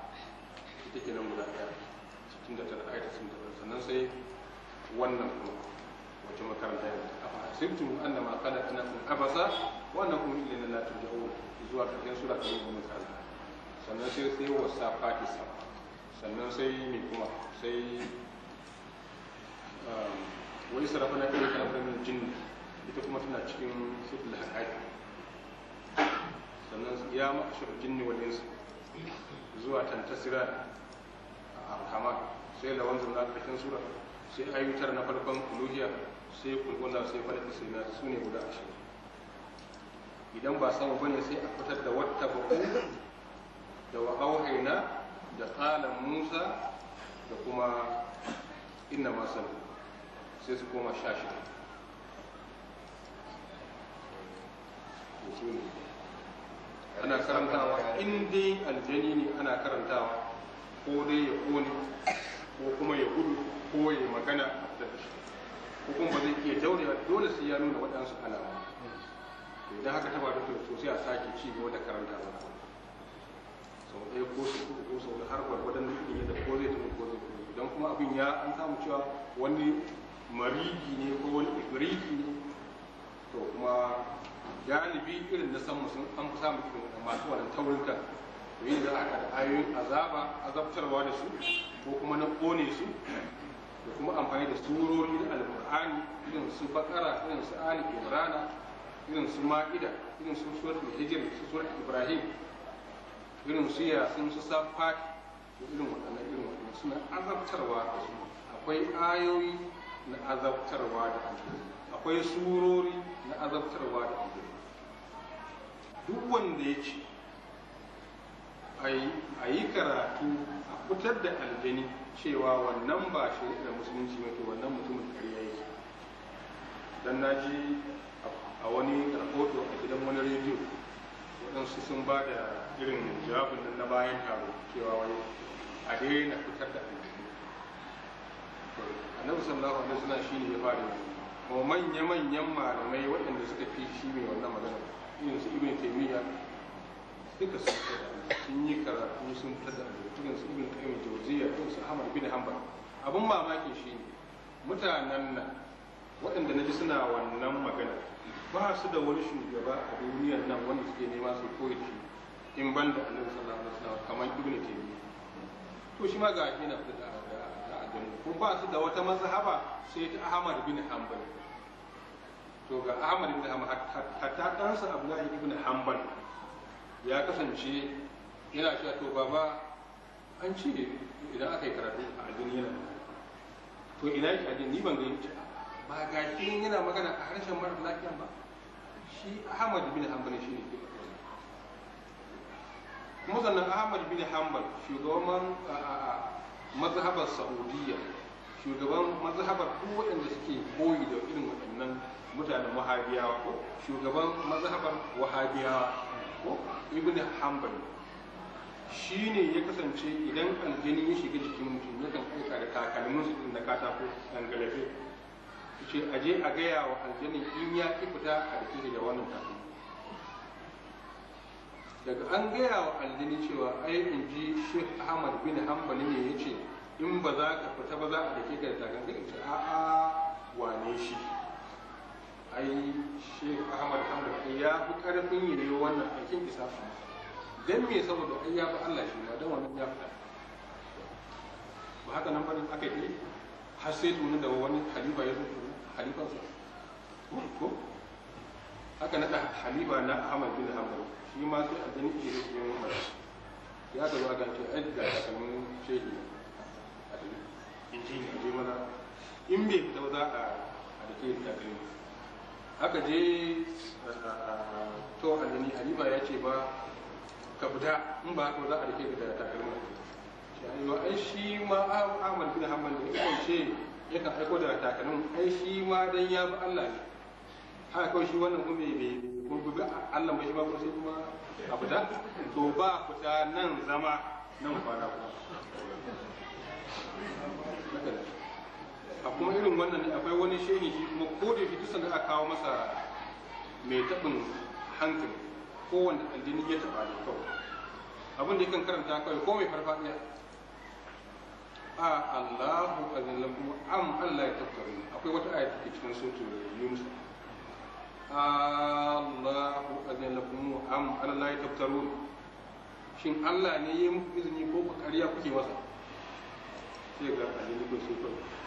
S1: ita kenan guda ɗaya cikin da tara ayata sun tara sannan sai wannan kuma wacce makaranta yanzu afa hasibtum annama khalaqnakum abasa wa annakum ilayna la turja'un zuwa karshen sura ta goma makaranta sannan sai sai wasa pakistan sannan sai mai kuma sai um, wani sarrafa na kai kan jin ita kuma tana cikin sutul haƙaƙi sannan ya ma'ashar jinni wa insu zuwa tantasira a alkama sai lawan zauna ƙarshen sura sai ayyutar na farkon kuluhiya sai kulguna sai da sai na su ne guda ashirin idan ba sama ba ne sai a fitar da wata babu da wa auhaina da ƙalan musa da kuma inna masan sai su koma sha shida ana karantawa in dai aljani ne ana karantawa ko dai ya kone ko kuma ya gudu ko ya magana da shi ko kuma ba zai iya jaurewa dole sai ya nuna waɗansu alama idan haka ta faru to sai a sake ci gaba da karantawa sau ɗaya ko su kudu ko sau har gwargwadon nufin yadda ko zai tafi ko zai kudu idan kuma abin ya an samu cewa wani marigi ne ko wani ibriki ne to kuma galibi irin na sama sun an fi samun irin da masu wannan taurinka to yin da aka da ayoyin azaba azabtarwa da su ko kuma na kone su da kuma amfani da surori na alkur'ani irin su bakara irin su ali imrana irin su ma'ida irin su suratul hijr su suratul ibrahim irin su sun su safat irin waɗannan irin wadannan suna azabtarwa da su akwai ayoyi na azabtarwa da akwai surori na azabtarwa da duk wanda ya ce a yi karatu a fitar da aljani cewa wannan ba shi da musulunci mai wannan mutumin karya yake don na ji a wani rahoto a gidan wani rediyo waɗansu sun ba da irin jawabin na bayan taro cewa wani a daina fitar da aljani annabi sallallahu alaihi wasallam shine ya fara kuma manya-manyan malamai waɗanda suka fi shi mai wannan magana irin su ibn taymiya duka su sun yi karatu sun fitar da irin su ibn qayyim jawziya irin su ahmad bin hanbal abun mamaki shine mutanen nan waɗanda na ji suna wannan magana ba su da wani shugaba a duniyar nan wanda suke nema su koyi shi in ban da annabi sallallahu alaihi wasallam kamar ibn taymiya to shi ma ga yana da da da ko ba su da wata mazhaba sai ta ahmad bin hanbal to ga ahmad ibn hanbal hatta ɗansa abdullahi ibn hanbal ya kasance yana cewa to baba an ce idan aka yi karatu a addini yana to ina yake addini ni ban ga yake ba ga shi yana magana a harshen mara lafiya ba shi ahmad ibn hanbal shi ne kuma sannan ahmad ibn hanbal shugaban mazhabar saudiya shugaban mazhabar kowa waɗanda suke koyi da irin waɗannan mutanen wahabiya ko shugaban mazhabar wahabiya ko ibn hanbal shi ne ya kasance idan aljini ya shiga jikin mutum ya kan aika da takalmin su da katako dangalafe ce aje a gaya wa aljinin in ya ki fita a rike da wannan takalmin daga an gaya wa aljini cewa ai in ji sheikh ahmad bin hanbali ne yace in ba za ka fita ba za a dake ka da takalmin ce a'a wane shi ai shehu ahmad hamdan ya fi karfin yi ne wannan aikin isa dan me saboda ai ya fi allah shi dan wannan ya fi ba haka nan bane aka yi har sai tuni da wani halifa ya zuku halifansa ko haka naɗa halifa na ahmad bin hamdan shi ma sai a gani ke rikin umar ya ta zuwa gance adda a samun shehi a injiniya je mana in bai fita za a da ke da kai aka je eh, to alani halima ya ce ba ka fita in ba haka za a rike da takalma cewa ai shi ma amal bin hamman da ya kwance aiko da takalmin ai shi ma dan ya bi Allah ne haka kawai shi wannan kuma bai gurgurbi Allah bai ba kuma sai kuma a fita to ba fita nan zama nan kwana kuma a kuma irin wannan ne akwai wani shehi shi kuma ko da shi duk sanda aka kawo masa mai taɓin hankali ko wanda addini ya taɓa da kawai abin da yakan karanta kawai ko mai farfadiya a Allahu azallahu am Allah ya tattaru akwai wata aya take cikin suratul Yunus Allahu azin am Allah ya tabtarun shin Allah ne ya yi muku izini ko ku ƙarya kuke masa sai ga alilibin sun kawai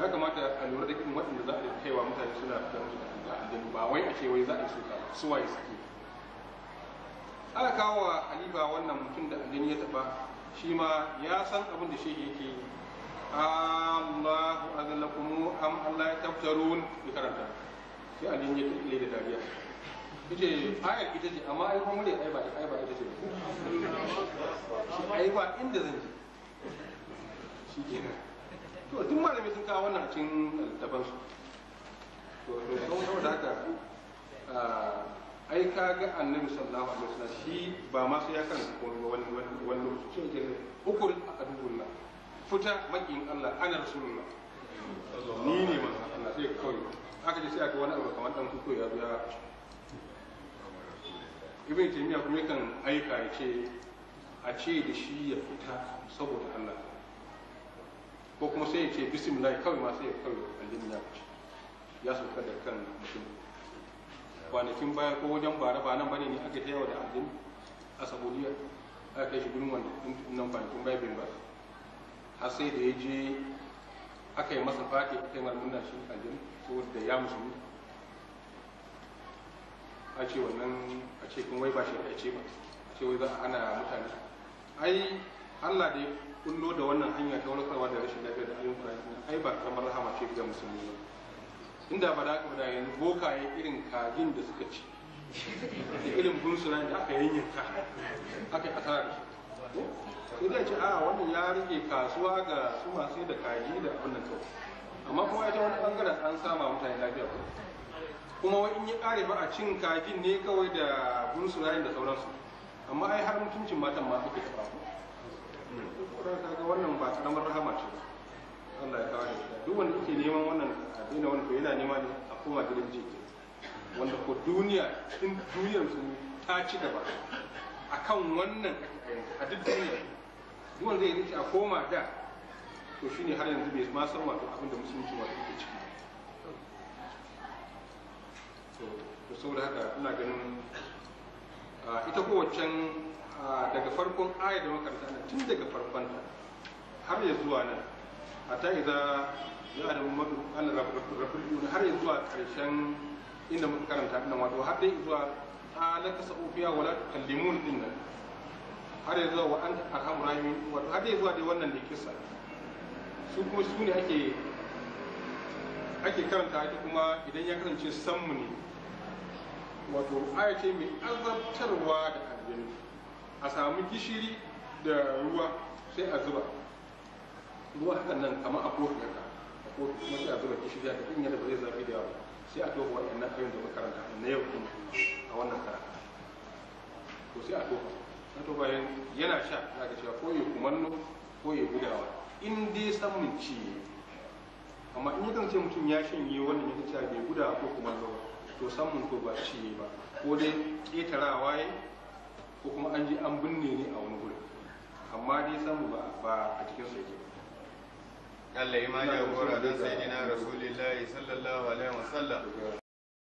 S1: ya kamata a lura da irin waɗanda za a kaiwa mutane suna da musu da aljanu ba wai a ce wai za a yi suka waye suke aka kawo wa aliba wannan mutum da aljanu ya taɓa shi ma ya san abin da shehi yake yi Allahu azalakumu am Allah ya taftarun ya karanta sai aljanu ya taɓa da dariya ita ayar ita ce amma ai kuma ne ai ba ai ba ita ce ai ba inda zan ji shi kenan to duk malami sun kawo wannan cikin littafan su to don saboda haka ai ka ga annabi sallallahu alaihi wasallam shi ba ma sai ya kan wani wani wani lokaci ce ukul akadullah fita makin Allah ana rasulullah ni ne manzo Allah sai kawai aka ce sai aka wani abu kamar dan kuko ya ya ibn taymiya kuma yakan aika ya ce a ce da shi ya fita saboda Allah ko kuma sai ya ce bismillah kawai ma sai ya kawai allin ya ce ya sauka da kan mutum kwanakin baya ko wajen bara ba nan bane ne aka ta yawa da allin a saboda aka kai shi gurin wannan nan kwanakin baya bin ba har sai da ya je aka yi masa fati aka yi marmuna shi allin saboda ya musulmi a ce wannan a ce kun wai ba shi a ce ba a ce wai za a ana mutane ai Allah da kullo da wannan hanya ta warkarwa da rashin lafiya da ayyukan ayyuka ai ba kamar rahama ce ga musulmi ba inda ba da haka ba boka bokaye irin kajin da suka ci da irin bunsura da aka yanyanka aka yi asara da shi sai dai ce a wannan ya rike kasuwa ga su masu da kaji da wannan kawai amma kuma ya ita wani bangaren an sama mutane lafiya ba kuma wai in yi kare ba a cin kajin ne kawai da bunsura da sauransu amma ai har mutuncin matan ma aka yi kaga wannan ba karamar rahama ce Allah ya kawo duk wanda yake neman wannan addini wanda ko yana nema ne a koma gidan wanda ko duniya in duniyar su ta ci gaba akan wannan a duk duniya duk wanda rike a koma da to shine har yanzu bai ma san wato abin da musulunci wato ke ciki to saboda haka ina ganin ah, ita kowaccen daga farkon ayar da makaranta na tun daga farkon ta har ya zuwa nan hatta idza ya da muhammadu allah rabbul har ya zuwa karshen inda muka karanta nan wato har dai zuwa alaka sa'ufiya wala kallimun din nan har ya zuwa wa an arhamu rahimin wato har ya zuwa dai wannan da kisa su kuma su ne ake ake karanta ake kuma idan ya kasance sammu ne wato aya ce mai azabtarwa da aljanu a samu gishiri da ruwa sai a zuba ruwa hakan nan kama a kofi haka a kofi kuma sai a zuba gishiri haka in yadda ba zai zafi da yawa sai a tofa waɗannan ayyun da makaranta na yau kuma a wannan karanta to sai a tofa na tofa yana sha za ka cewa ko ya kumanno ko ya gudawa in dai samun ciye amma in yakan ce mutum ya shanye wannan ya ta bai gudawa ko kumanno to samun to ba ciye ba ko dai ƙetarawa ya ko kuma an je an binne ne a wani gurin amma dai samu ba a cikin sai Allah ya ma jagora don sai dina Rasulullahi sallallahu alaihi wasallam